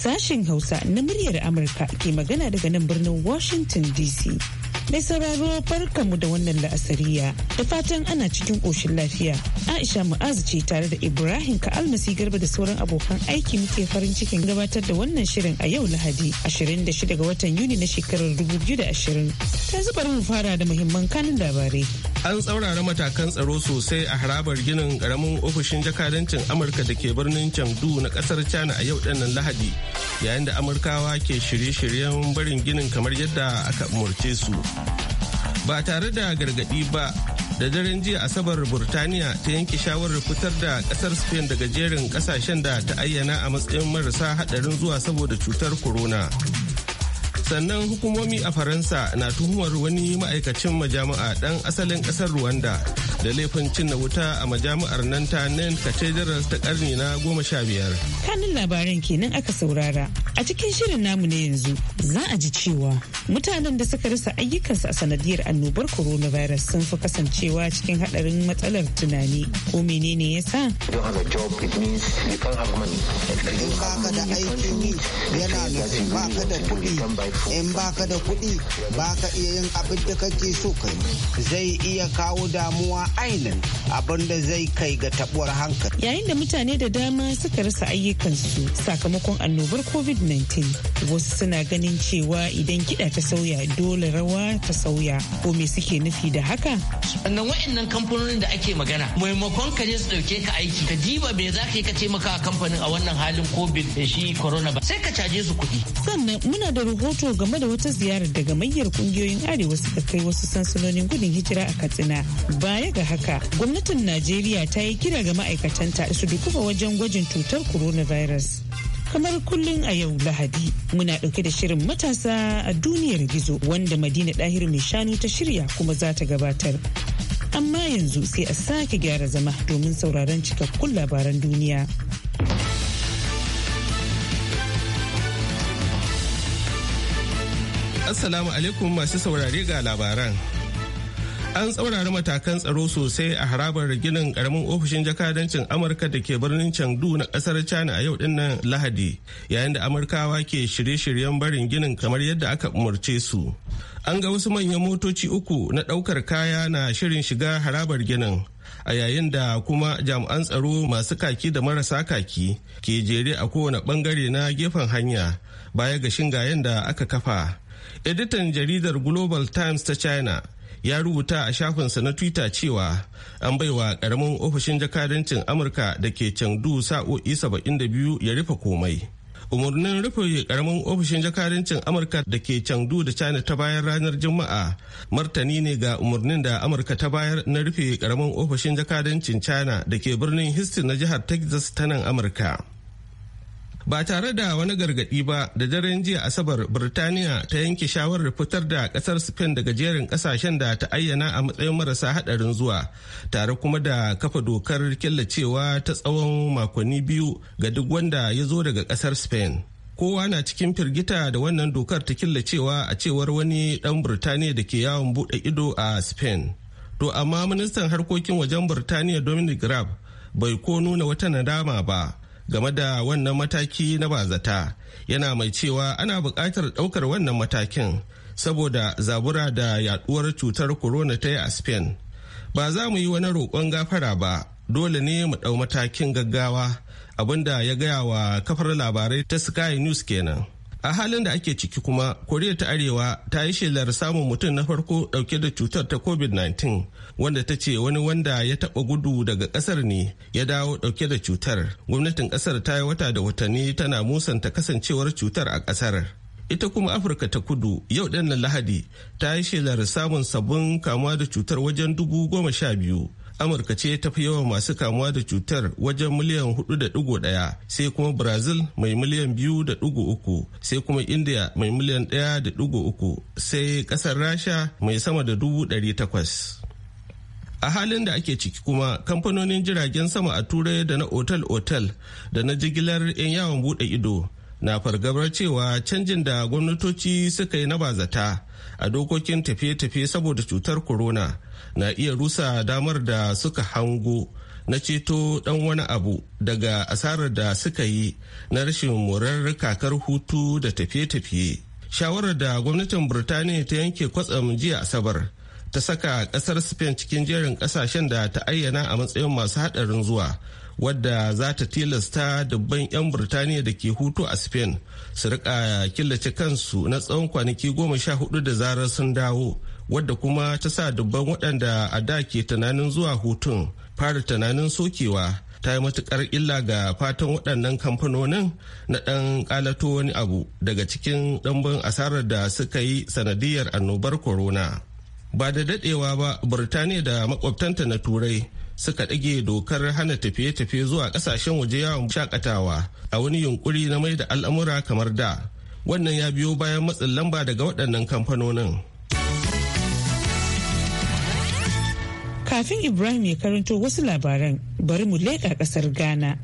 Sashen Hausa na muryar Amurka ke magana daga nan birnin Washington DC. Mai sauraro mu da wannan la'asariya da fatan ana cikin ƙoshin lafiya. Aisha Mu'azu ce tare da Ibrahim ka Almasi Garba da sauran abokan aiki muke farin cikin gabatar da wannan shirin a yau Lahadi 26 ga watan Yuni na shekarar 2020. Ta zubar mu fara da muhimman kanin labarai. an tsaurara matakan tsaro sosai a harabar ginin karamin ofishin jakadancin amurka da ke birnin chengdu na ƙasar china a yau dinnan lahadi yayin da amurkawa ke shirye-shiryen barin ginin kamar yadda aka umarce su ba tare da gargadi ba da daren jiya asabar burtaniya ta yanke shawarar fitar da ƙasar spain daga jerin ƙasashen da ta ayyana a matsayin marasa hadarin zuwa saboda cutar corona sannan hukumomi a faransa na tuhumar wani ma'aikacin majami'a ɗan asalin ƙasar rwanda da laifin cinna wuta a majami'ar nan ta nan cathedral ta karni na goma sha biyar. kanin labaran kenan aka saurara a cikin shirin namu na yanzu za a ji cewa mutanen da suka rasa ayyukansu a sanadiyar annobar coronavirus sun fi kasancewa cikin hadarin matsalar tunani ko menene ya sa in baka da aikin yi yana nufin baka da kuɗi in baka da kuɗi baka iya yin abin da kake so kai zai iya kawo damuwa ainin abin da zai kai ga tabuwar hankali. Yayin da mutane da dama suka rasa ayyukansu sakamakon annobar COVID-19 wasu suna ganin cewa idan kiɗa ta sauya dole rawa ta sauya ko me suke nufi da haka? Sannan wa'annan kamfanonin da ake magana maimakon ka je su ɗauke ka aiki ka diba me za ka yi ka taimaka kamfanin a wannan halin COVID da shi corona ba sai ka caje su kuɗi. Sannan muna da rahoto game da wata ziyarar daga mayyar kungiyoyin arewa suka kai wasu sansanonin gudun hijira a Katsina baya ga da haka gwamnatin najeriya ta yi kira ga ma'aikatanta su dukufa wajen gwajin cutar coronavirus kamar kullum a yau lahadi muna ɗauke da shirin matasa a duniyar gizo wanda madina ɗahir mai shanu ta shirya kuma za ta gabatar amma yanzu sai a sake gyara zama domin sauraron cikakkun labaran duniya assalamu alaikum masu saurare ga labaran an tsaurara matakan tsaro sosai a harabar ginin karamin ofishin jakadancin amurka da ke birnin chengdu na kasar china a yau dinnan lahadi yayin da amurkawa ke shirye-shiryen barin ginin kamar yadda aka umarce su an ga wasu manyan motoci uku na daukar kaya na shirin shiga harabar ginin a yayin da kuma jami'an tsaro masu kaki da marasa kaki ke jere a kowane bangare na gefen hanya baya ga shingayen da aka kafa editan jaridar global times ta china ya rubuta a shafinsa na twitter cewa an baiwa karamin ofishin jakadancin amurka da ke candu sa'o'i 72 ya rufe komai umarnin rufe karamin ofishin jakadancin amurka da ke candu da china ta bayar ranar juma'a martani ne ga umarnin da amurka ta bayar na rufe karamin ofishin jakadancin china da ke birnin houston na jihar texas ta nan amurka ba tare da wani gargaɗi ba da daren jiya asabar birtaniya ta yanke shawarar fitar da ƙasar spain daga jerin ƙasashen da ta ayyana a matsayin marasa haɗarin zuwa tare kuma da kafa dokar killacewa ta tsawon makonni biyu ga duk wanda ya zo daga ƙasar spain kowa na cikin firgita da wannan dokar ta killacewa a cewar wani ɗan birtaniya da ke yawon buɗe ido a spain to amma ministan harkokin wajen birtaniya dominic raab bai ko nuna wata nadama ba game da wannan mataki na bazata yana mai cewa ana buƙatar ɗaukar wannan matakin saboda zabura da yaduwar cutar corona ta yi a spain ba za mu yi wani roƙon gafara ba dole ne mu ɗau matakin gaggawa abinda ya gaya wa kafar labarai ta sky news kenan. a halin da ake ciki kuma koriya ta arewa ta yi shelar samun mutum na farko dauke da cutar ta covid-19 wanda ta ce wani wanda ya taba gudu daga kasar ne ya dawo dauke da cutar gwamnatin kasar ta yi wata da watanni tana musanta kasancewar cutar a kasar ita kuma afirka ta kudu yau ɗan lahadi ta yi shelar samun sabbin kamuwa da cutar wajen dubu goma sha biyu amurka ce ta fi yawan masu kamuwa da cutar wajen miliyan 4.1 sai kuma brazil mai miliyan 2.3 sai kuma india mai miliyan 1.3 sai kasar rasha mai sama da 800 a halin da ake ciki kuma kamfanonin jiragen sama a turai da na otal-otal da na jigilar 'yan yawon bude ido na fargabar cewa canjin da gwamnatoci suka yi na bazata a dokokin tafiye-tafiye saboda cutar corona na iya rusa damar da suka hango na ceto dan wani abu daga asarar da suka yi na rashin murar kakar hutu da tafiye-tafiye shawarar da gwamnatin birtaniya ta yanke kwatsam jiya asabar ta saka kasar spain cikin jerin kasashen da ta ayyana a matsayin masu hadarin zuwa wadda za ta tilasta dubban 'yan birtaniya da ke hutu a spain su rika killace kansu na tsawon kwanaki goma sha hudu da zarar sun dawo wadda kuma ta sa dubban waɗanda a da ke tunanin zuwa hutun fara tunanin sokewa ta yi matukar illa ga fatan waɗannan kamfanonin na ɗan ƙalato wani abu daga cikin ɗanbin asarar da suka yi sanadiyar annobar corona ba da daɗewa ba birtaniya da makwabtanta na turai suka ɗage dokar hana tafiye-tafiye zuwa ƙasashen waje yawon shakatawa a wani yunkuri na mai da al'amura kamar da wannan ya biyo bayan matsin lamba daga waɗannan kamfanonin Kafin Ibrahim ya karanto wasu labaran bari mu leƙa ƙasar Ghana.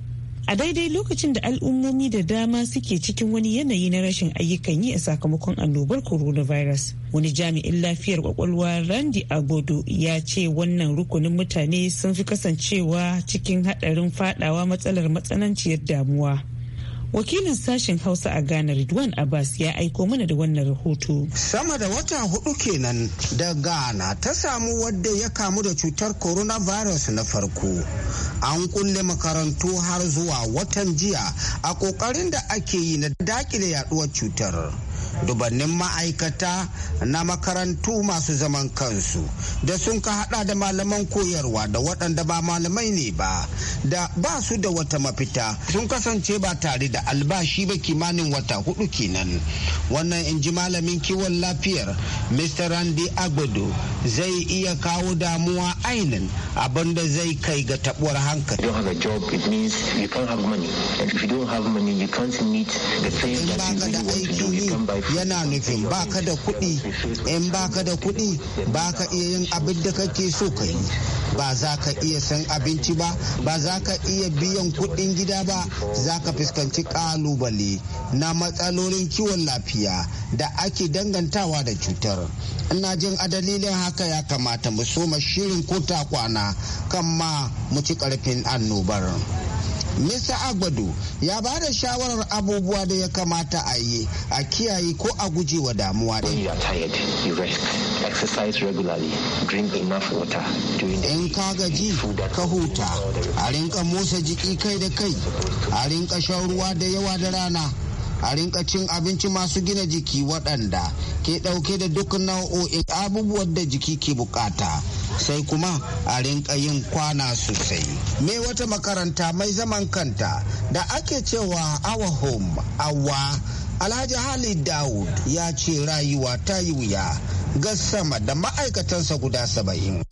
A daidai lokacin da al'ummomi da dama suke cikin wani yanayi na rashin ayyukan yi a sakamakon annobar coronavirus. Wani jami'in lafiyar kwakwalwa Randy Agodo ya ce wannan rukunin mutane sun fi kasancewa cikin haɗarin faɗawa matsalar matsananciyar damuwa. wakilin sashen hausa a ghana ridwan abbas ya aiko mana da wannan rahoto sama da wata hudu kenan da ghana ta samu wadda ya kamu da cutar coronavirus na farko an kulle makarantu har zuwa watan jiya a kokarin da ake yi na dakile yaduwar cutar dubannin ma'aikata na makarantu masu zaman kansu da sun ka hada da malaman koyarwa da waɗanda ba malamai ne ba da ba su da wata mafita sun kasance ba tare da albashi ba kimanin wata hudu kenan wannan in ji malamin kiwon lafiyar mr randy agbado zai iya kawo damuwa ainin abinda zai kai ga tabuwar hankali in ba ka da aiki yana nufin baka da kuɗi in baka da kuɗi baka iya yin abin da kake so ka yi ba za ka iya san abinci ba ba za ka iya biyan kuɗin gida ba za ka fuskanci ƙalubale na matsalolin kiwon lafiya da ake dangantawa da cutar ina jin a dalilin haka ya kamata mu soma shirin ko ta kwana kan ma mu ci ƙarfin annobar. Mr. Agbado ya ba da shawarar abubuwa da ya kamata a yi a kiyaye ko a guje wa damuwa da In ka gaji ka huta, a rinka motsa jiki kai da kai, a rinka shan ruwa da yawa da rana. a rinka cin abinci masu gina jiki waɗanda ke ɗauke da duk nau'o'in abubuwan da jiki ke bukata sai kuma a rinka yin kwana sosai me wata makaranta mai zaman kanta da ake cewa our home awa alhaji halid daud ya ce rayuwa ta yi wuya ga sama da ma'aikatansa guda saba'in.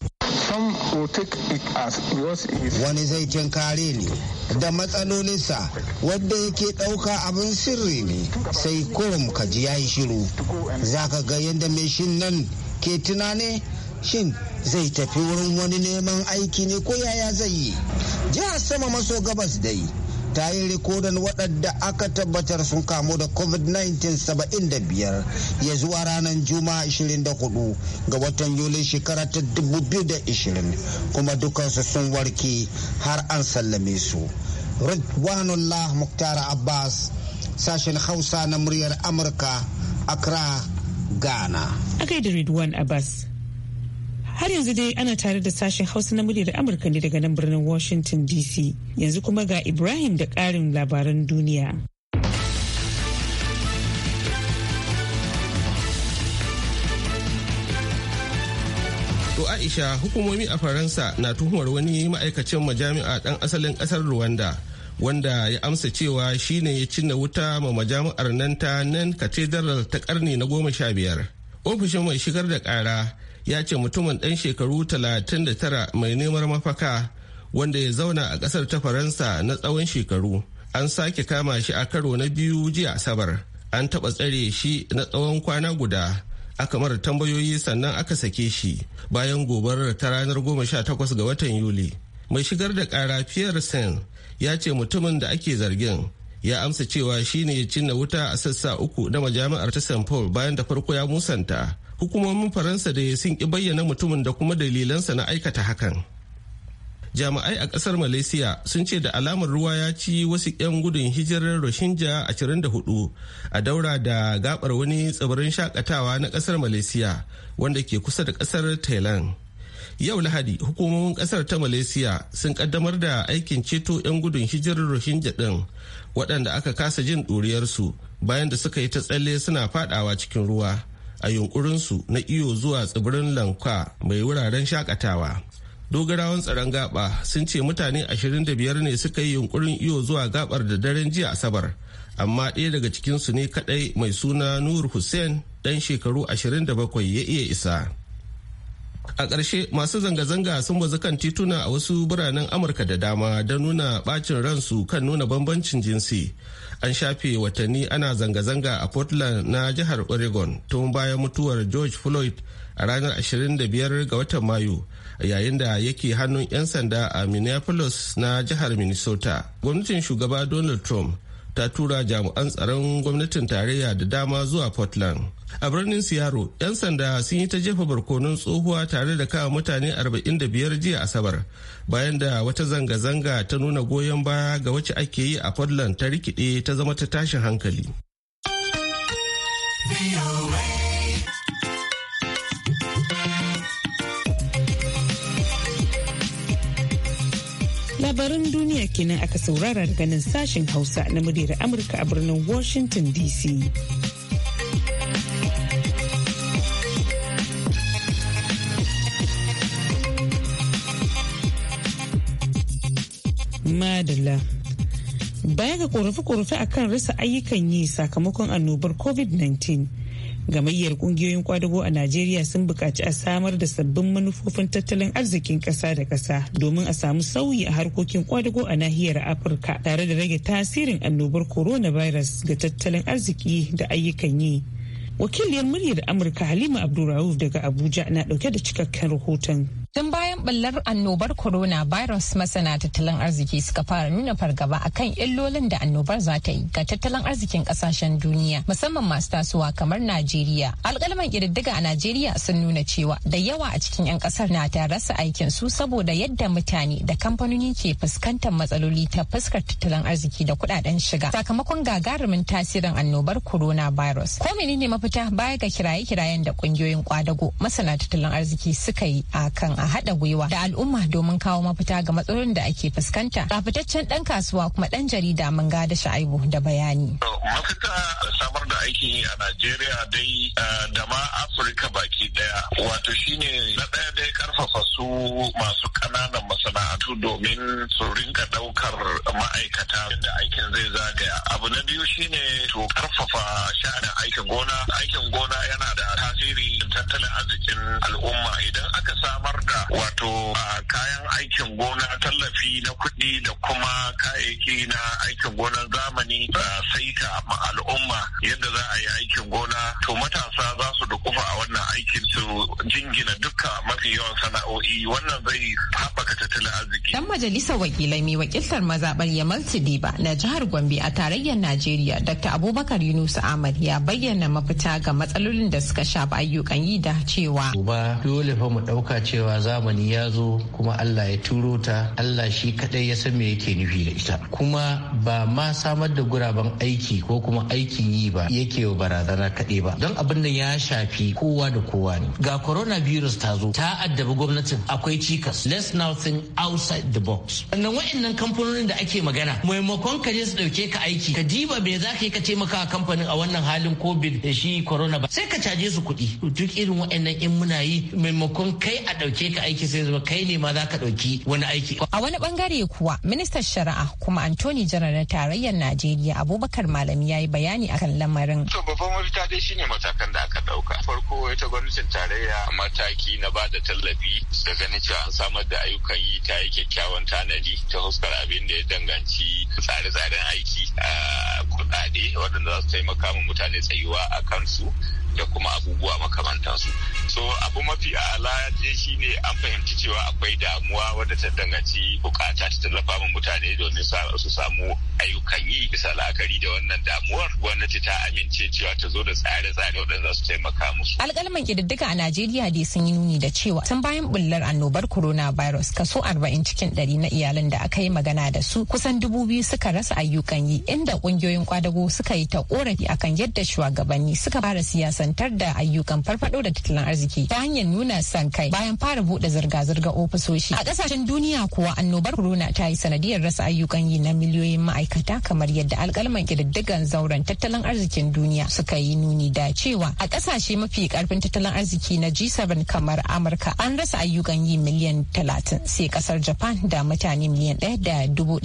Wani zai kare ne da matsalolinsa wadda yake ɗauka abin sirri ne sai kurum ka ji yayi shiru. Za ka ga yadda mai shin nan ke tunane shin zai tafi wurin wani neman aiki ne ko yaya zai yi. Jihar sama maso gabas dai. ta yi rikodin waɗanda aka tabbatar sun kamu da covid-19 75 ya zuwa ranar juma'a 24 ga watan yuli shekara ta 2020 kuma dukansu sun warke har an sallame su ridwanullah muktar abbas sashen hausa na muryar amurka accra ghana a da ridwan abbas Har yanzu dai ana tare da sashen Hausa na muryar Amurka ne daga nan birnin Washington DC. Yanzu kuma ga Ibrahim da karin labaran duniya. To Aisha hukumomi a Faransa na tuhumar wani ma'aikacin majami'a ɗan asalin ƙasar Rwanda wanda ya amsa cewa shine ya cinna wuta ma majami'ar nan ta nan Katedral ta ƙarni na goma sha biyar. Ofishin mai shigar da ƙara ya ce mutumin ɗan shekaru 39 mai neman mafaka wanda ya zauna a ƙasar ta faransa na tsawon shekaru an sake kama shi a karo na biyu jiya asabar an taɓa tsare shi na tsawon kwana guda aka mara tambayoyi sannan aka sake shi bayan gobarar ta ranar 18 ga watan yuli mai shigar da kara pierre sen ya ce mutumin da ake zargin ya amsa cewa shine ya cinna wuta a sassa uku na majami'ar ta st paul bayan da farko ya musanta hukumomin faransa da ya sun ki bayyana mutumin da kuma dalilansa na aikata hakan jami'ai a kasar malaysia sun ce da alamar ruwa ya ci wasu 'yan gudun hijirar rohingya 24 a daura da gabar wani tsibirin shakatawa na kasar malaysia wanda ke kusa da kasar thailand yau lahadi hukumomin kasar ta malaysia sun kaddamar da aikin ceto 'yan gudun hijirar rohingya din waɗanda aka kasa jin ɗuriyarsu bayan da suka yi ta tsalle suna fadawa cikin ruwa a yunkurinsu na iyo zuwa tsibirin lankwa mai wuraren shakatawa dogarawan tsaron gaba sun ce mutane 25 ne suka yi yunkurin iyo zuwa gabar da daren jiya asabar amma ɗaya daga cikinsu ne kadai mai suna nur hussein ɗan shekaru 27 ya iya isa a ƙarshe masu zanga-zanga sun bazu kan tituna a wasu biranen amurka da dama don nuna bacin ransu kan nuna bambancin jinsi an shafe watanni ana zanga-zanga a portland na jihar oregon tun bayan mutuwar george floyd a ranar 25 ga watan mayu yayin da yake hannun 'yan sanda a minneapolis na jihar minnesota gwamnatin shugaba donald trump ta tura jami'an tsaron gwamnatin tarayya da dama zuwa portland a birnin siyaro 'yan sanda sun yi ta jefa barkonon tsohuwa tare da kawo mutane 45 jiya asabar bayan da wata zanga-zanga ta nuna goyon baya ga wacce ake yi a portland ta rikide ta zama ta tashin hankali. labaran duniya kenan aka saurara daga nan sashen hausa na muryar amurka a birnin washington dc madalla baya ga korafe-korafe akan rasa ayyukan yi sakamakon annobar covid-19 gamayyar kungiyoyin kwadago a najeriya sun buƙaci a samar da sabbin manufofin tattalin arzikin ƙasa da ƙasa domin a samu sauyi a harkokin kwadago a nahiyar afirka tare da rage tasirin annobar coronavirus ga tattalin arziki da ayyukan yi wakiliyar muryar amurka halima abdulrahuf daga abuja na ɗauke da cikakken rahoton Tun bayan ɓallar annobar corona virus masana tattalin arziki suka fara nuna fargaba a kan illolin da annobar za ta yi ga tattalin arzikin kasashen duniya musamman masu tasowa kamar Najeriya. Alƙalman ƙididdiga a Najeriya sun nuna cewa da yawa a cikin 'yan ƙasar na ta rasa aikin su saboda yadda mutane da kamfanoni ke fuskantar matsaloli ta fuskar tattalin arziki da kuɗaɗen shiga sakamakon gagarumin tasirin annobar corona virus. Ko menene mafita baya ga kiraye-kirayen da ƙungiyoyin kwadago masana tattalin arziki suka yi a kan a haɗa gwiwa da al'umma domin kawo mafita ga matsalolin da ake fuskanta. Ga ɗan kasuwa kuma ɗan jarida mun da sha'aibu da bayani. Mafita samar da aiki a Najeriya dai da ma Afirka baki ɗaya wato shine na ɗaya dai karfafa su masu ƙananan masana'antu domin su rinka ɗaukar ma'aikata da aikin zai zagaya. Abu na biyu shine to karfafa sha'anin aikin gona. Aikin gona yana da tasiri tattalin arzikin al'umma idan aka samar da wato kayan aikin gona tallafi na kuɗi da kuma kayayyaki na aikin gona zamani da saita ma al'umma yadda za a yi aikin gona to matasa za su dukufa a wannan aiki su jingina duka mafi yawan sana'o'i wannan zai haɓaka tattalin arziki. Dan majalisar wakilai mai wakiltar mazaɓar Yamal Tidiba na jihar Gombe a tarayyar Najeriya Dr. Abubakar Yunus Ahmad ya bayyana mafita ga matsalolin da suka shafi ayyukan yi da cewa. Ba dole fa mu ɗauka cewa zamani ya zo kuma Allah ya turo ta Allah shi kaɗai ya san me yake nufi da ita. Kuma ba ma samar da guraben aiki ko kuma aikin yi ba yake wa barazana kaɗai ba. Don abin da ya shafi kowa da kowa kowa ne ga coronavirus ta zo ta addabi gwamnatin akwai cikas let's now think outside the box sannan wa'annan kamfanonin da ake magana maimakon ka je su dauke ka aiki ka diba me za ka yi ka taimaka kamfanin a wannan halin covid da shi corona ba sai ka caje su kuɗi duk irin wa'annan in muna yi maimakon kai a dauke ka aiki sai zama kai ne ma za ka dauki wani aiki a wani bangare kuwa ministan shari'a kuma antony janar na tarayyar najeriya abubakar malami ya yi bayani akan lamarin to babban mafita dai shine matakan da aka dauka farko ita gwamnati gwamnatin tarayya a mataki na ba da tallafi da ganin cewa an samar da ayyukan yi ta yi kyakkyawan tanadi ta huskar abin da ya danganci tsare-tsaren aiki a ah, kuɗaɗe waɗanda za su taimaka ma mutane tsayuwa a kansu da kuma abubuwa makamantansu so abu mafi ala je ne an fahimci cewa akwai damuwa wadda ta danganci bukata ta tallafa ma mutane domin su samu ayyukan yi bisa la'akari da wannan damuwar gwamnati ta amince cewa ta zo da tsare-tsare waɗanda su taimaka musu alƙalman ƙididdiga a najeriya dai sun yi nuni da cewa tun bayan bullar annobar corona virus kaso arba'in cikin ɗari na iyalan da aka yi magana da su kusan dubu biyu suka rasa ayyukan yi inda ƙungiyoyin kwadago suka yi ta korafi akan yadda shugabanni suka fara siyasa nisantar da ayyukan farfado da tattalin arziki ta hanyar nuna san kai bayan fara buɗe zirga-zirga ofisoshi. A kasashen duniya kuwa annobar corona ta yi sanadiyar rasa ayyukan yi na miliyoyin ma'aikata kamar yadda alkalman kididdigan zauren tattalin arzikin duniya suka yi nuni da cewa a ƙasashe mafi karfin tattalin arziki na G7 kamar Amurka an rasa ayyukan yi miliyan 30 sai kasar Japan da mutane miliyan 1 da dubu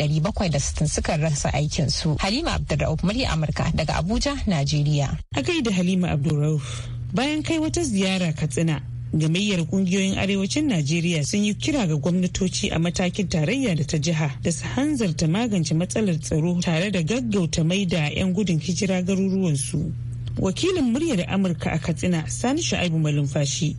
suka rasa aikinsu. Halima Abdulrauf murya Amurka daga Abuja, Najeriya. A da Halima Abdulrauf Rauf. Bayan kai wata ziyara Katsina, gamayyar kungiyoyin arewacin najeriya sun yi kira ga gwamnatoci a matakin tarayya da ta jiha da su hanzarta magance matsalar tsaro tare da gaggauta mai da 'yan gudun hijira garuruwansu wakilin muryar amurka a katsina sani shu'aibu malumfashi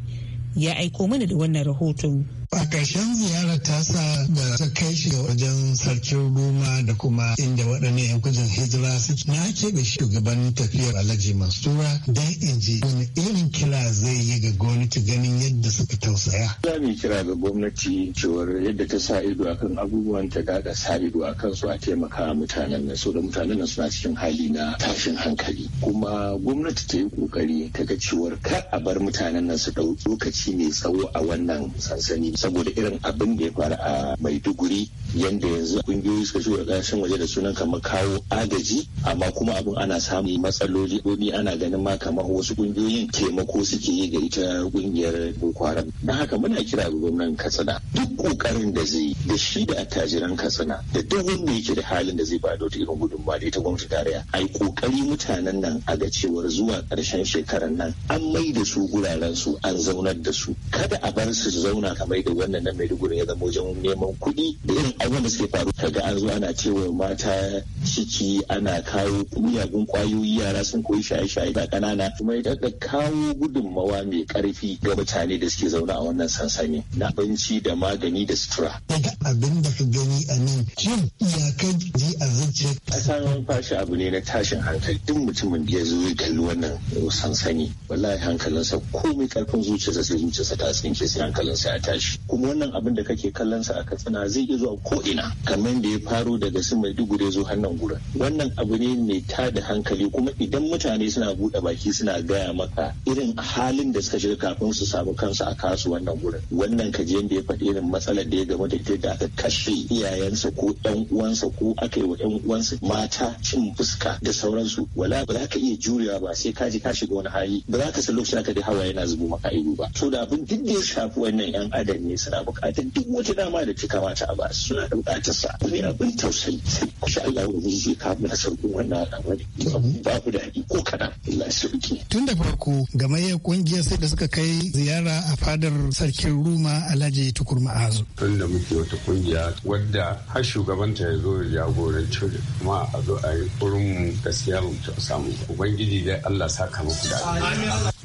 ya aiko mana da wannan rahoton A ƙarshen ziyara ta sa da ta kai shi wajen sarkin Roma da kuma inda waɗannan 'yan gudun hijira suke na keɓe shugaban tafiyar Alhaji Mansura don in ji wani irin kira zai yi ga gwamnati ganin yadda suka tausaya. Za mu kira ga gwamnati cewar yadda ta sa ido a kan abubuwan ta daga sa ido a su a taimaka mutanen nan da mutanen nan suna cikin hali na tashin hankali kuma gwamnati ta yi kokari ta ga cewar kar a bar mutanen nan su ɗau lokaci mai tsawo a wannan sansani saboda irin abin da ya faru a maiduguri yadda yanzu kungiyoyi suka shiga da waje da sunan kamar kawo agaji amma kuma abin ana samun matsaloli domin ana ganin ma kamar wasu kungiyoyin taimako suke yi ga ita kungiyar boko haram haka muna kira ga gwamnan katsina duk kokarin da zai da shi da attajiran katsina da duk wanda yake da halin da zai ba da wata irin gudunmawa da ita gwamnati tarayya ai kokari mutanen nan a ga cewar zuwa ƙarshen shekarar nan an mai da su guraren su an zaunar da su kada a bar su zauna kamar wannan na maiduguri ya zama wajen neman kuɗi da irin abubuwan da suke faru kaga an zo ana cewa mata ciki ana kawo miyagun kwayoyi yara sun koyi shaye-shaye da ƙanana kuma ya daga kawo gudunmawa mai ƙarfi ga mutane da suke zauna a wannan sansani na abinci da magani da sutura. Daga abin da ka gani a nan shin iyakar ji a zuciya. Kasan fashi abu ne na tashin hankali duk mutumin da ya zo ya kalli wannan sansani wallahi hankalinsa komai karfin zuciyarsa sai zuciyarsa ta tsinke sai hankalinsa ya tashi kuma wannan abin da kake kallon sa a katsina zai iya zuwa ko ina kamar da ya faro daga su maiduguri zo hannun gurin wannan abu ne mai tada hankali kuma idan mutane suna buɗe baki suna gaya maka irin halin da suka shiga kafin su samu kansu a kasu wannan gura wannan kaji yadda ya faɗi irin matsalar da ya gama da ita da aka kashe iyayensa ko ɗan uwansa ko aka yi wa ɗan uwansa mata cin fuska da sauransu wala ba za ka iya jurewa ba sai ka ji ka shiga wani hali ba za ka san lokacin da ka hawa yana zubo maka ido ba to da abin duk da ya shafi wannan yan adam ne suna bukatar duk wata dama da ta kamata a ba suna da bukatar sa yana bin tausayi sai kusa Allah wani shi kawo na sauƙin wannan al'amari babu daɗi ko kaɗan Allah sauƙi. Tun da farko gamayyar kungiyar sai da suka kai ziyara a fadar sarkin Ruma Alhaji Tukur Ma'azu. Tun da muke wata kungiya wadda har shugabanta ya zo ya jagoranci kuma a zo a yi kurin gaskiya mu ta samu ubangiji da Allah saka muku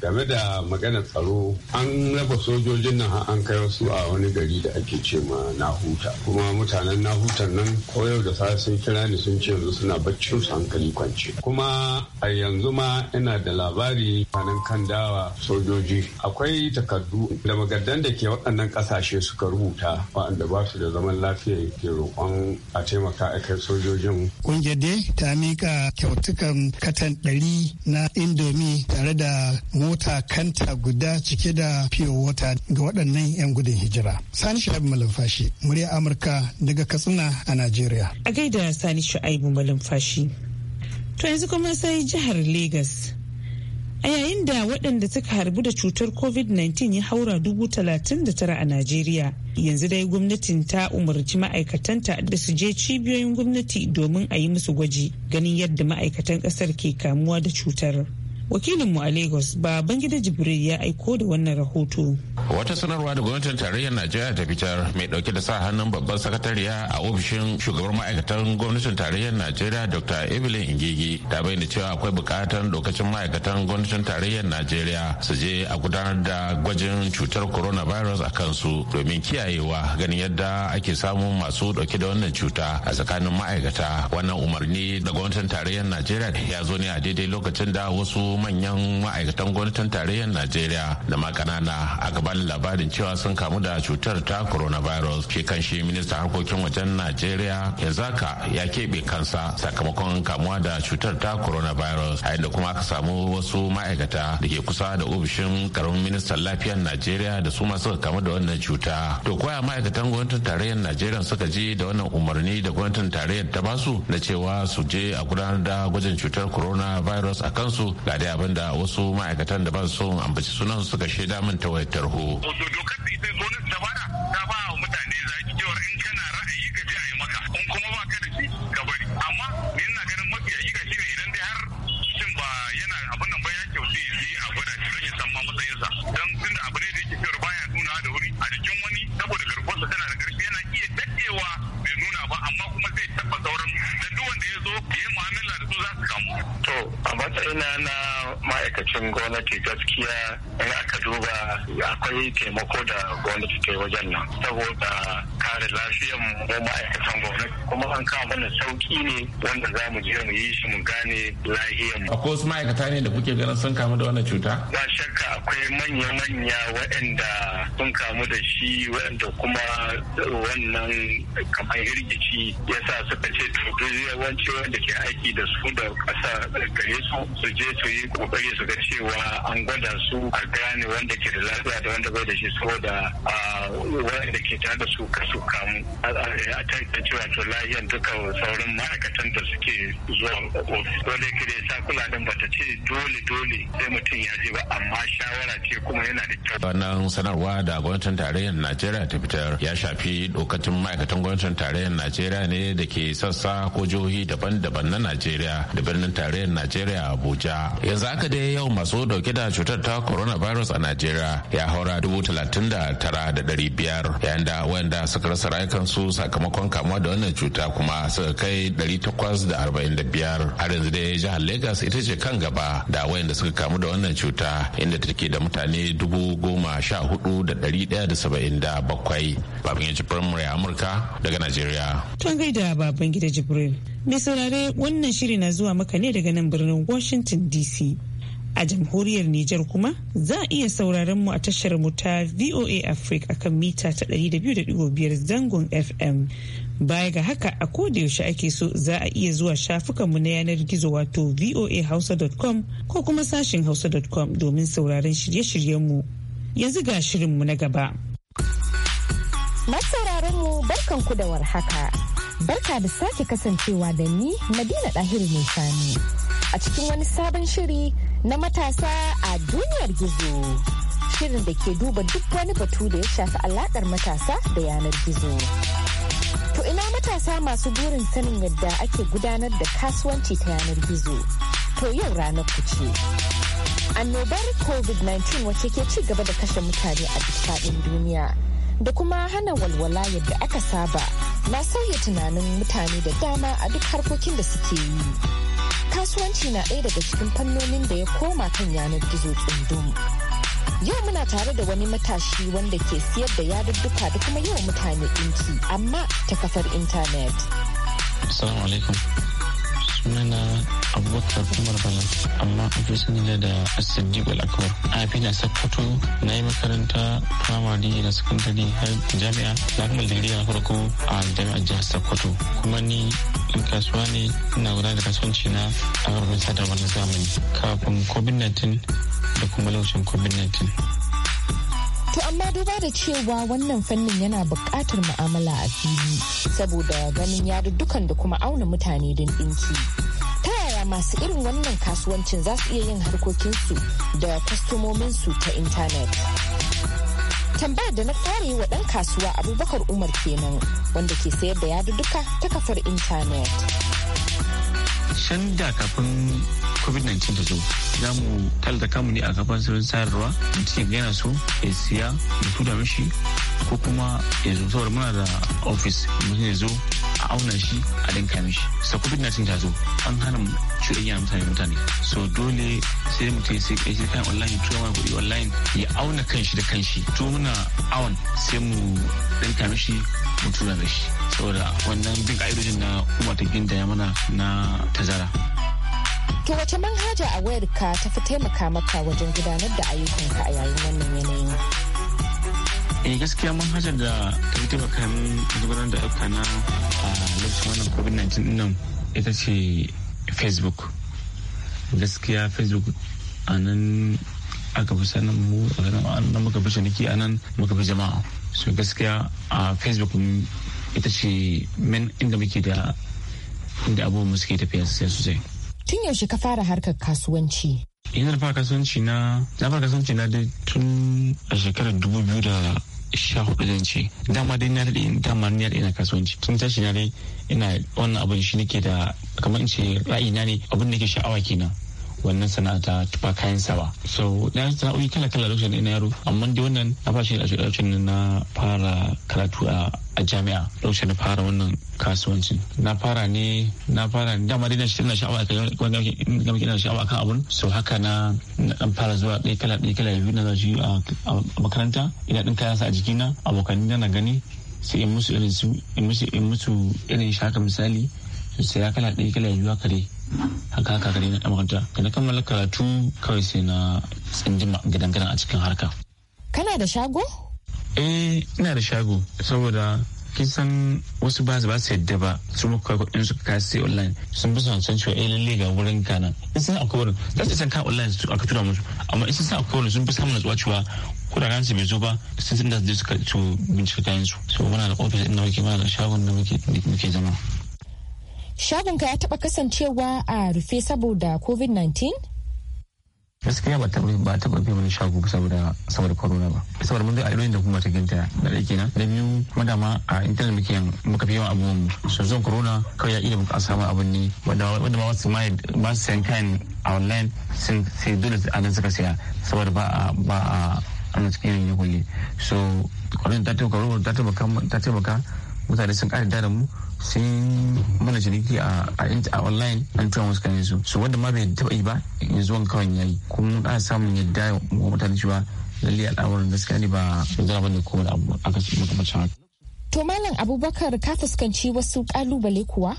da game da maganar tsaro an raba sojojin nan an kai wasu a wani gari da ake ce ma huta. kuma mutanen nahutan nan ko yau da safe sun kira ni sun ce yanzu suna baccin su hankali kwance kuma a yanzu ma ina da labari kanan kan dawa sojoji akwai takardu da magaddan da ke waɗannan ƙasashe suka rubuta waɗanda ba su da zaman lafiya ke roƙon a taimaka a kai sojojin. Ƙungiyar dai ta mika kyautukan katan ɗari na indomi tare da mota kanta guda cike da fiye wata ga waɗannan 'yan gudu. hijira. Sani Shu'aibu Malamfashi, murya Amurka daga Katsina a Najeriya. A gaida Sani Shu'aibu Malumfashi. To yanzu kuma sai jihar Legas. A yayin da waɗanda suka harbu da cutar COVID-19 ya haura dubu talatin da tara a Najeriya. Yanzu dai gwamnatin ta umarci ma'aikatanta da su je cibiyoyin gwamnati domin a yi musu gwaji ganin yadda ma'aikatan ƙasar ke kamuwa da cutar. wakilinmu a lagos baban gida jibril ya aiko da wannan rahoto wata sanarwa da gwamnatin tarayyar najeriya ta fitar mai dauke da sa hannun babban sakatariya a ofishin shugaban ma'aikatan gwamnatin tarayyar najeriya dr evelyn ingigi ta bayyana cewa akwai bukatar dokacin ma'aikatan gwamnatin tarayyar najeriya su je a gudanar da gwajin cutar coronavirus a kansu domin kiyayewa ganin yadda ake samun masu dauke da wannan cuta a tsakanin ma'aikata wannan umarni da gwamnatin tarayyar najeriya ya zo ne a daidai lokacin da wasu manyan ma'aikatan gwamnatin tarayyar najeriya da ma kanana aka bani labarin cewa sun kamu da cutar ta coronavirus shi kan shi ministan harkokin wajen najeriya yanzaka ya keɓe kansa sakamakon kamuwa da cutar ta coronavirus a inda kuma aka samu wasu ma'aikata da ke kusa da ofishin karamin ministan lafiyar najeriya da su ma suka kamu da wannan cuta to koya ma'aikatan gwamnatin tarayyar najeriya suka je da wannan umarni da gwamnatin tarayyar ta basu na cewa su je a gudanar da gwajin cutar coronavirus a kansu ga abin da wasu ma'aikatan da ban so ambaci sunan suka shaida min ta wayar tarho. Dokar da ita gwamnati ta bada ta ba gwamnati gaskiya in aka duba akwai taimako da gwamnati ta yi wajen nan saboda kare lafiyar mu ma'aikatan gwamnati kuma an kawo mana sauki ne wanda za mu je mu yi shi mu gane lafiyan mu. Akwai wasu ma'aikata ne da kuke ganin sun kamu da wannan cuta? Ba shakka akwai manya-manya waɗanda sun kamu da shi waɗanda kuma wannan kamar hirgici ya sa suka ce to yawanci wanda ke aiki da su da ƙasa gare su su je su yi kokari su ga cewa an gwada su a gane wanda ke da lafiya da wanda bai da shi saboda waɗanda ke tare da su su kamu a cewa to lahiyan duka sauran ma'aikatan da suke zuwa ofis. Dole ke da ya sa kula ba bata ce dole dole sai mutum ya je ba amma sha shawara Wannan sanarwa da gwamnatin tarayyar Najeriya ta fitar ya shafi lokacin ma'aikatan gwamnatin tarayyar Najeriya ne da ke sassa ko jihohi daban-daban na Najeriya da birnin tarayyar Najeriya Abuja. Yanzu haka dai yau masu dauke da cutar ta coronavirus a Najeriya ya haura dubu talatin da tara da dari biyar yayin da wanda suka rasa rayukansu sakamakon kamuwa da wannan cuta kuma suka kai dari takwas da arba'in da biyar har yanzu dai jihar Legas ita ce kan gaba da wayanda suka kamu da wannan cuta inda ta ke da mutane dubu goma sha hudu da dari daya da saba'in da bakwai babin jibirin murya amurka daga najeriya tun gaida baban gida jibril mai saurare wannan shiri na zuwa maka ne daga nan birnin washington dc a jamhuriyar Nijar kuma za a iya sauraron mu a tashar mu ta VOA Africa akan mita ta 200.5 zangon FM Baya ga haka a koda yaushe ake so za a iya zuwa shafukanmu na yanar gizo wato voahausa.com ko kuma sashin hausa.com domin sauraron shirye-shiryenmu. Yanzu ga shirinmu na gaba. Masauraranmu barkanku da warhaka. Barka da sake kasancewa da ni na dina Ɗahiru mai sani a cikin wani sabon shiri na matasa a duniyar gizo. Shirin da ke duba duk wani batu da ya shafi alaƙar matasa da yanar gizo. matasa masu burin sanin yadda ake gudanar da kasuwanci ta yanar gizo. To yau ranar ku ce. Annobar COVID-19 wacce ke ci gaba da kashe mutane a duk duniya da kuma hana walwala yadda aka saba na sauya tunanin mutane da dama a duk harkokin da suke yi. Kasuwanci na ɗaya daga cikin fannonin da ya koma kan yanar gizo tsundum. Yau muna tare da wani matashi wanda ke siyar da yadudduka da kuma yawan mutane dinki amma ta kafar intanet. Assalamu alaikum. abubakar umar bana amma an fi na da siddiq al'akbar a fi na sakkwato na yi makaranta firamare da sakandare har jami'a na kuma digiri na farko a jami'ar jihar sakkwato kuma ni in kasuwa ne ina gudanar da kasuwanci na a garbin na zamani kafin covid-19 da kuma laushin covid-19 To amma duba da cewa wannan fannin yana buƙatar mu'amala a fili saboda ganin dukan da kuma auna mutane don ɗinki. masu irin wannan kasuwancin za su iya yin harkokinsu da kwastomominsu ta intanet. tambayar da na fara yi wa ɗan kasuwa abubakar umar kenan wanda ke sayar da yadudduka ta kafar intanet. shan da kafin covid-19 ta zo za mu talata kamu ne a kafin sabon sayarwa cikin yana so ya siya da tuda mishi ko kuma ya zo saboda muna da ofis mutum ya zo auna shi a dinka mishi so covid-19 ta zo an hana cuɗanya mutane mutane so dole sai mutum sai kai sai online tuwa mai kuɗi online ya auna kanshi da kanshi to muna awon sai mu dinka mishi mu tura da shi saboda wannan bin ka'idojin na kuma ta gindaya mana na tazara To wace manhaja a wayarka ta fi taimaka maka wajen gudanar da ayyukanka a yayin wannan yanayin? eh gaskiya haja da ta yi taimaka min gudanar da aka na a ah, lokacin wannan covid-19 nan ita ce facebook gaskiya facebook a nan aka fi sanin mu a nan muka fi ciniki a nan muka fi jama'a so gaskiya a ah, facebook ita ce min inda muke da inda abubuwan suke tafiya sosai sosai tun yaushe ka fara harkar kasuwanci ina fara kasuwanci na na fara kasuwanci na dai tun a shekarar dubu biyu da sha hudu zan ce dama dai na daɗe dama ni ina kasuwanci tun tashi na dai ina wannan abin shi nake da kamar in ce ra'ayi na ne abin da ke sha'awa kenan wannan sana'a ta tufa kayan sawa so na sana'o'i kala kala lokacin ina yaro amma da wannan na fashi da lokacin na fara karatu a a jami'a lokacin na fara wannan kasuwanci na fara ne na fara dama dai na shi ina sha'awa kan sha'awa kan abun so haka na dan fara zuwa ɗaya kala ɗaya kala biyu na zaji a makaranta ina ɗin kayan sa a jikina abokan na gani sai in musu irin su in musu in musu irin shaka misali sai ya kala ɗaya kala biyu haka kare. haka haka gari na makaranta da na kammala karatu kawai sai na tsindima gidan-gidan a cikin harka kana da shago eh ina da shago saboda kisan wasu ba su ba su yadda ba su muka kai kudin su ka sai online sun bi son san cewa eh lalle ga wurin ka nan in san akwai wurin za su san ka online su aka tura musu amma in sun san akwai wurin sun bi samun natsuwa cewa kudaden su bai zo ba sun san da su bincika kayan su so muna da ofis din da muke muna da shagon da muke zama shagonka ya taba kasancewa a rufe saboda covid-19 gaskiya ba ta ba taɓa ba shago saboda saboda corona ba saboda mun zai a da kuma ta ginta da dai kenan da biyu kuma da ma a intanet muke yan muka fi yawan mu so zon corona kawai ya iya muka samu abun ne wanda ma wasu ma ba su sayan kayan online sun sai dole a nan suka saya saboda ba a ba a ana cikin yin kulle so corona ta taimaka ta taimaka mutane sun ƙara da mu sai mana ciniki a online an tura musu kanin su su wanda ma bai taba yi ba yanzu zuwan kawai yayi kuma mun samun yadda wa mutane cewa lalle al'amuran gaskiya ne ba zara bane ko wani abu aka ci makamancin haka. to malam abubakar ka fuskanci wasu kalubale kuwa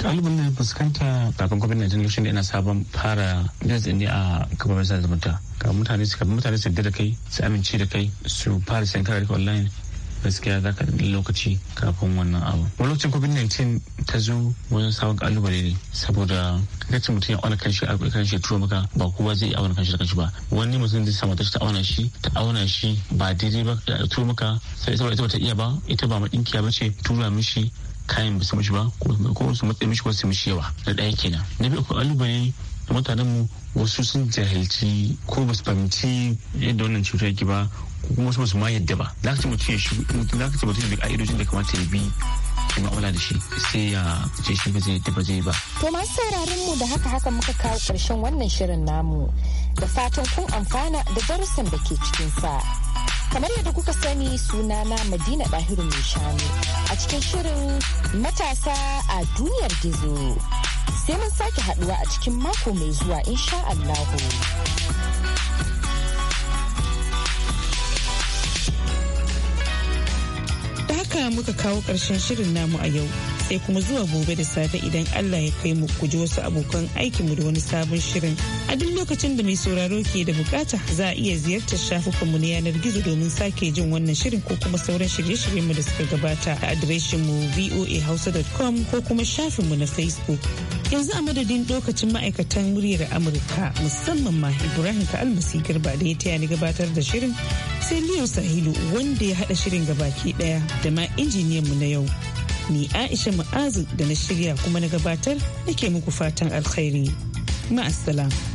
kalubale na fuskanta kafin covid-19 lokacin da ina sabon fara business ne a kafafen sada zumunta ka mutane su mutane su da kai su amince da kai su fara sayan kayayyaki online gaskiya za ka lokaci kafin wannan abu wani lokacin covid-19 ta zo wani sabon kalubale ne saboda kacin mutum ya auna kanshi a kanshi ya turo maka ba kowa zai auna kanshi da kanshi ba wani mutum zai samu ta auna shi ta auna shi ba daidai ba ya turo maka sai saboda ita ba ta iya ba ita ba maɗinkiya ba ce tura mishi kayan ba su mishi ba ko su matsayi mishi ko su mishi yawa da ɗaya kenan na biyu akwai kalubale mutanenmu wasu sun jahilci ko ba su fahimci yadda wannan cutar yake ba ko kuma wasu ma yadda ba za ka ce mutum ya shi za ka ce mutum ya bi ka'idojin da kamata ya bi ki mu'amala da shi sai ya ce shi ba zai yadda ba zai ba. To masu sauraron mu da haka haka muka kawo ƙarshen wannan shirin namu da fatan kun amfana da darussan da ke cikinsa. Kamar yadda kuka sani sunana Madina Ɗahiru mai shanu a cikin shirin matasa a duniyar gizo. Sai mun sake haduwa a cikin mako mai zuwa insha Allahu. muka kawo ƙarshen shirin namu a yau sai kuma zuwa gobe da safe idan Allah ya kai mu ku ji wasu abokan mu da wani sabon shirin. A duk lokacin da mai sauraro ke da bukata za a iya ziyartar shafukanmu na yanar gizo domin sake jin wannan shirin ko kuma sauran shirye-shiryenmu da suka gabata a adireshinmu voahausa.com ko kuma shafinmu na Facebook. yanzu a madadin lokacin ma'aikatan muryar amurka musamman ma ibrahim ka almasi garba da ya taya ni gabatar da shirin sai leo sahilu wanda ya hada shirin gabaki daya da ma injiniyan mu na yau ni aisha mu'azu da na shirya kuma na gabatar nake muku fatan alkhairi ma'assalam.